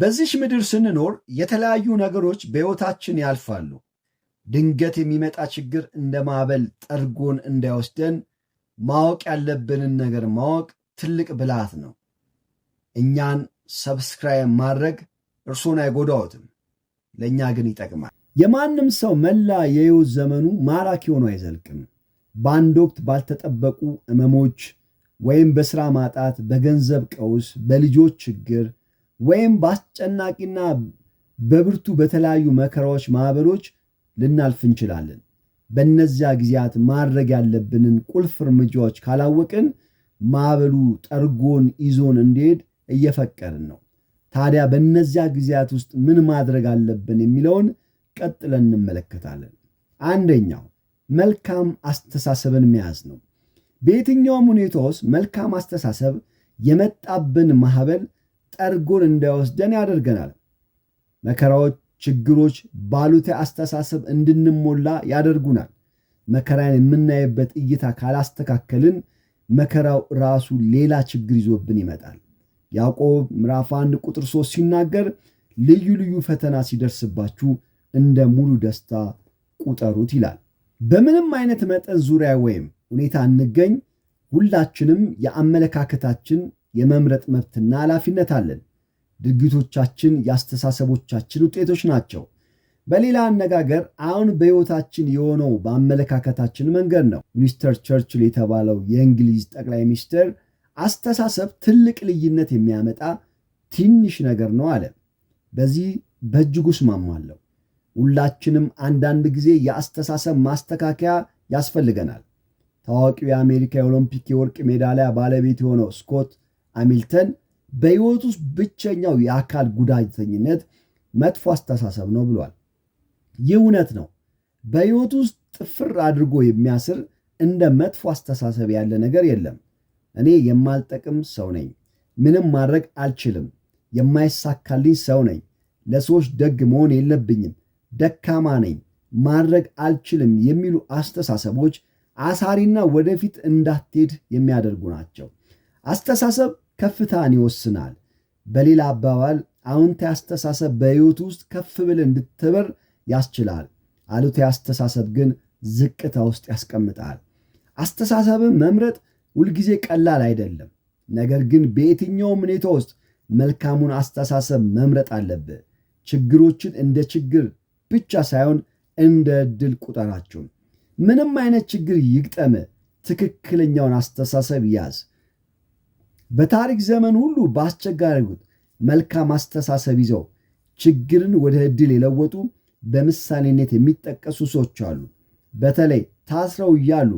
በዚች ምድር ስንኖር የተለያዩ ነገሮች በሕይወታችን ያልፋሉ። ድንገት የሚመጣ ችግር እንደ ማዕበል ጠርጎን እንዳይወስደን ማወቅ ያለብንን ነገር ማወቅ ትልቅ ብልሃት ነው። እኛን ሰብስክራይብ ማድረግ እርሶን አይጎዳዎትም፣ ለእኛ ግን ይጠቅማል። የማንም ሰው መላ የሕይወት ዘመኑ ማራኪ ሆኖ አይዘልቅም። በአንድ ወቅት ባልተጠበቁ እመሞች ወይም በሥራ ማጣት፣ በገንዘብ ቀውስ፣ በልጆች ችግር ወይም በአስጨናቂና በብርቱ በተለያዩ መከራዎች ማዕበሎች ልናልፍ እንችላለን። በእነዚያ ጊዜያት ማድረግ ያለብንን ቁልፍ እርምጃዎች ካላወቅን ማዕበሉ ጠርጎን ይዞን እንዲሄድ እየፈቀርን ነው። ታዲያ በእነዚያ ጊዜያት ውስጥ ምን ማድረግ አለብን የሚለውን ቀጥለን እንመለከታለን። አንደኛው መልካም አስተሳሰብን መያዝ ነው። በየትኛውም ሁኔታ ውስጥ መልካም አስተሳሰብ የመጣብን ማዕበል ጠርጎን እንዳይወስደን ያደርገናል። መከራዎች፣ ችግሮች ባሉት አስተሳሰብ እንድንሞላ ያደርጉናል። መከራን የምናይበት እይታ ካላስተካከልን መከራው ራሱ ሌላ ችግር ይዞብን ይመጣል። ያዕቆብ ምዕራፍ 1 ቁጥር 3 ሲናገር ልዩ ልዩ ፈተና ሲደርስባችሁ እንደ ሙሉ ደስታ ቁጠሩት ይላል። በምንም አይነት መጠን ዙሪያ ወይም ሁኔታ እንገኝ ሁላችንም የአመለካከታችን የመምረጥ መብትና ኃላፊነት አለን። ድርጊቶቻችን የአስተሳሰቦቻችን ውጤቶች ናቸው። በሌላ አነጋገር አሁን በሕይወታችን የሆነው በአመለካከታችን መንገድ ነው። ሚስተር ቸርችል የተባለው የእንግሊዝ ጠቅላይ ሚኒስትር አስተሳሰብ ትልቅ ልዩነት የሚያመጣ ትንሽ ነገር ነው አለ። በዚህ በእጅጉ እስማማለሁ። ሁላችንም አንዳንድ ጊዜ የአስተሳሰብ ማስተካከያ ያስፈልገናል። ታዋቂው የአሜሪካ የኦሎምፒክ የወርቅ ሜዳሊያ ባለቤት የሆነው ስኮት ሃሚልተን በሕይወት ውስጥ ብቸኛው የአካል ጉዳተኝነት መጥፎ አስተሳሰብ ነው ብሏል። ይህ እውነት ነው። በሕይወት ውስጥ ጥፍር አድርጎ የሚያስር እንደ መጥፎ አስተሳሰብ ያለ ነገር የለም። እኔ የማልጠቅም ሰው ነኝ፣ ምንም ማድረግ አልችልም፣ የማይሳካልኝ ሰው ነኝ፣ ለሰዎች ደግ መሆን የለብኝም፣ ደካማ ነኝ፣ ማድረግ አልችልም የሚሉ አስተሳሰቦች አሳሪና ወደፊት እንዳትሄድ የሚያደርጉ ናቸው። አስተሳሰብ ከፍታን ይወስናል። በሌላ አባባል አዎንታ አስተሳሰብ በሕይወት ውስጥ ከፍ ብል እንድትበር ያስችላል። አሉታ አስተሳሰብ ግን ዝቅታ ውስጥ ያስቀምጣል። አስተሳሰብን መምረጥ ሁልጊዜ ቀላል አይደለም። ነገር ግን በየትኛውም ሁኔታ ውስጥ መልካሙን አስተሳሰብ መምረጥ አለብህ። ችግሮችን እንደ ችግር ብቻ ሳይሆን እንደ ዕድል ቁጠራቸው። ምንም አይነት ችግር ይግጠም፣ ትክክለኛውን አስተሳሰብ ያዝ። በታሪክ ዘመን ሁሉ በአስቸጋሪ መልካም አስተሳሰብ ይዘው ችግርን ወደ እድል የለወጡ በምሳሌነት የሚጠቀሱ ሰዎች አሉ። በተለይ ታስረው እያሉ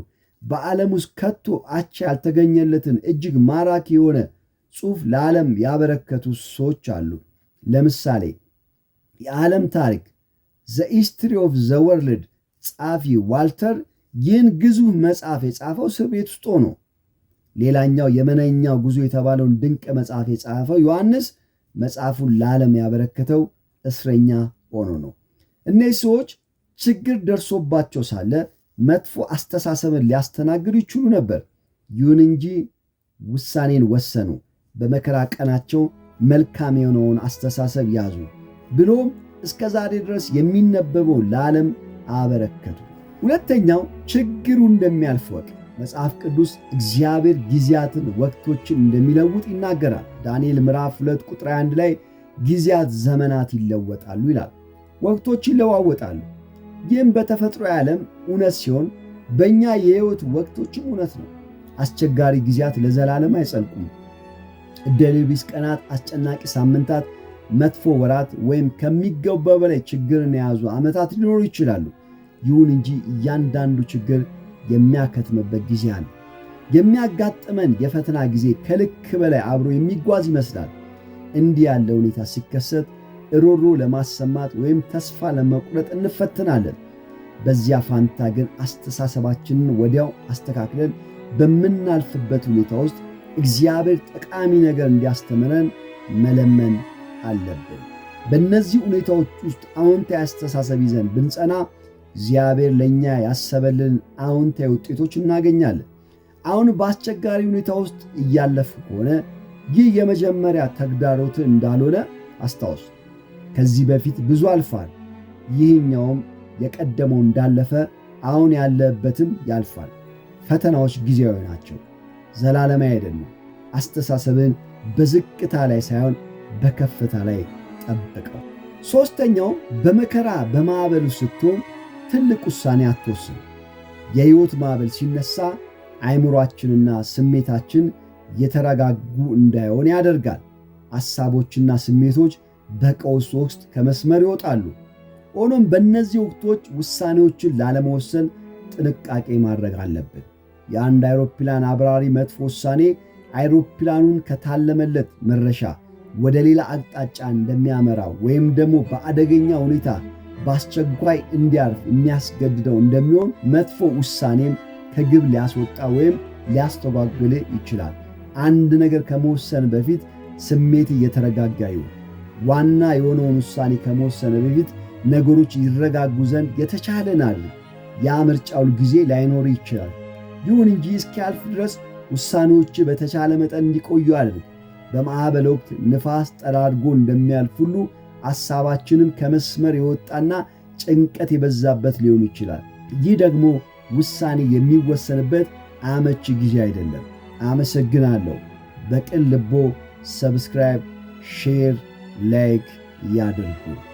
በዓለም ውስጥ ከቶ አቻ ያልተገኘለትን እጅግ ማራኪ የሆነ ጽሑፍ ለዓለም ያበረከቱ ሰዎች አሉ። ለምሳሌ የዓለም ታሪክ ዘ ኢስትሪ ኦፍ ዘ ወርልድ ጸሐፊ ዋልተር ይህን ግዙፍ መጽሐፍ የጻፈው እስር ቤት ውስጥ ነው። ሌላኛው የመነኛው ጉዞ የተባለውን ድንቅ መጽሐፍ የጻፈው ዮሐንስ መጽሐፉን ለዓለም ያበረከተው እስረኛ ሆኖ ነው። እነዚህ ሰዎች ችግር ደርሶባቸው ሳለ መጥፎ አስተሳሰብን ሊያስተናግዱ ይችሉ ነበር። ይሁን እንጂ ውሳኔን ወሰኑ። በመከራ ቀናቸው መልካም የሆነውን አስተሳሰብ ያዙ፣ ብሎም እስከ ዛሬ ድረስ የሚነበበው ለዓለም አበረከቱ። ሁለተኛው ችግሩ እንደሚያልፍ ወቅ መጽሐፍ ቅዱስ እግዚአብሔር ጊዜያትን፣ ወቅቶችን እንደሚለውጥ ይናገራል። ዳንኤል ምዕራፍ 2 ቁጥር 1 ላይ ጊዜያት፣ ዘመናት ይለወጣሉ ይላል። ወቅቶች ይለዋወጣሉ። ይህም በተፈጥሮ የዓለም እውነት ሲሆን በእኛ የሕይወት ወቅቶችም እውነት ነው። አስቸጋሪ ጊዜያት ለዘላለም አይጸልቁም። ዕድለቢስ ቀናት፣ አስጨናቂ ሳምንታት፣ መጥፎ ወራት ወይም ከሚገባው በላይ ችግርን የያዙ ዓመታት ሊኖሩ ይችላሉ። ይሁን እንጂ እያንዳንዱ ችግር የሚያከትምበት ጊዜ አለ። የሚያጋጥመን የፈተና ጊዜ ከልክ በላይ አብሮ የሚጓዝ ይመስላል። እንዲህ ያለ ሁኔታ ሲከሰት እሮሮ ለማሰማት ወይም ተስፋ ለመቁረጥ እንፈትናለን። በዚያ ፋንታ ግን አስተሳሰባችንን ወዲያው አስተካክለን በምናልፍበት ሁኔታ ውስጥ እግዚአብሔር ጠቃሚ ነገር እንዲያስተምረን መለመን አለብን። በእነዚህ ሁኔታዎች ውስጥ አዎንታዊ አስተሳሰብ ይዘን ብንጸና እግዚአብሔር ለእኛ ያሰበልን አዎንታዊ ውጤቶች እናገኛለን። አሁን በአስቸጋሪ ሁኔታ ውስጥ እያለፍ ከሆነ ይህ የመጀመሪያ ተግዳሮት እንዳልሆነ አስታውሱ። ከዚህ በፊት ብዙ አልፏል፣ ይህኛውም የቀደመው እንዳለፈ አሁን ያለበትም ያልፋል። ፈተናዎች ጊዜያዊ ናቸው፣ ዘላለማዊ አይደለም። አስተሳሰብን በዝቅታ ላይ ሳይሆን በከፍታ ላይ ጠብቀው። ሦስተኛው በመከራ በማዕበሉ ስትሆን ትልቅ ውሳኔ አትወስን። የሕይወት ማዕበል ሲነሳ አእምሯችንና ስሜታችን የተረጋጉ እንዳይሆን ያደርጋል። ሐሳቦችና ስሜቶች በቀውስ ውስጥ ከመስመር ይወጣሉ። ሆኖም በእነዚህ ወቅቶች ውሳኔዎችን ላለመወሰን ጥንቃቄ ማድረግ አለብን። የአንድ አይሮፕላን አብራሪ መጥፎ ውሳኔ አይሮፕላኑን ከታለመለት መረሻ ወደ ሌላ አቅጣጫ እንደሚያመራ ወይም ደግሞ በአደገኛ ሁኔታ በአስቸኳይ እንዲያልፍ የሚያስገድደው እንደሚሆን መጥፎ ውሳኔም ከግብ ሊያስወጣ ወይም ሊያስተጓግል ይችላል። አንድ ነገር ከመወሰን በፊት ስሜት እየተረጋጋ ይሁን። ዋና የሆነውን ውሳኔ ከመወሰን በፊት ነገሮች ይረጋጉ ዘንድ የተቻለን አለ። ያ ምርጫው ጊዜ ላይኖር ይችላል። ይሁን እንጂ እስኪያልፍ ድረስ ውሳኔዎች በተቻለ መጠን እንዲቆዩ አድርግ። በማዕበል ወቅት ንፋስ ጠራርጎ እንደሚያልፍ ሁሉ ሐሳባችንም ከመስመር የወጣና ጭንቀት የበዛበት ሊሆን ይችላል። ይህ ደግሞ ውሳኔ የሚወሰንበት አመቺ ጊዜ አይደለም። አመሰግናለሁ። በቅን ልቦ ሰብስክራይብ፣ ሼር፣ ላይክ ያድርጉ።